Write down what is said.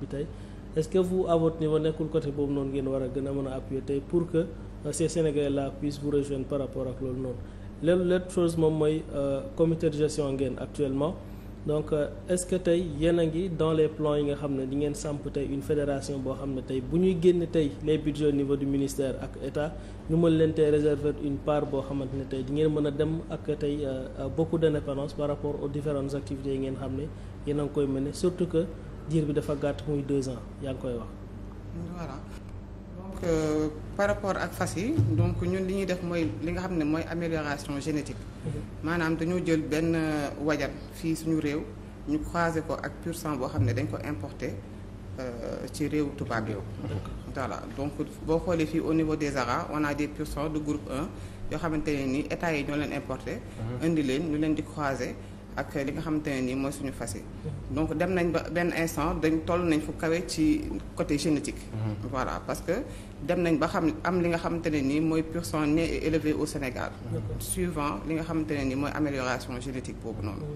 bi tey est-ce que vous à votre niveau nekkul côté boobu noonu ngeen war a gën a mën a appuyer tey pour que euh, ces Sénégalais là puissent vous rejoindre par rapport ak loolu noonu loolu l'autre chose moom mooy euh, comité de gestion ngeen actuellement donc euh, est-ce que tey yéen a ngi dans les plans yi nga xam ne di ngeen samp tey une fédération boo xam ne tey bu ñuy génn tey les budgets au niveau du ministère ak état ñu mën leen tey réserver une part boo xamant ne tey di ngeen mën a dem ak tey beaucoup d'indépendance par rapport aux différentes activités yi diir bi dafa gàtt muy deux ans yaa ngi koy wax. voilà donc euh, par rapport ak fas yi donc ñun li ñuy def mooy li nga xam ne mooy amélioration génétique. Mhm. maanaam dañoo jël benn euh, wajan fii suñu réew ñu croisé ko ak pur sang boo xam ne dañ ko importé euh, ci réewu tubaab yow. voilà donc boo xoolee fii au niveau des haras on a des pur sang de groupe 1 yoo xamante ne nii état yi ñoo leen importé. Mhm. indi leen ñu leen di croisé. ak li nga xamante ne nii mooy suñu fas yi donc dem nañ ba benn instant dañ toll nañ fu kawe ci côté génétique mhm. voilà parce que dem nañ ba xam am li nga xamante ne nii mooy pur sang né élevé au Sénégal suivant li nga xamante ne nii mooy amélioration génétique boobu noonu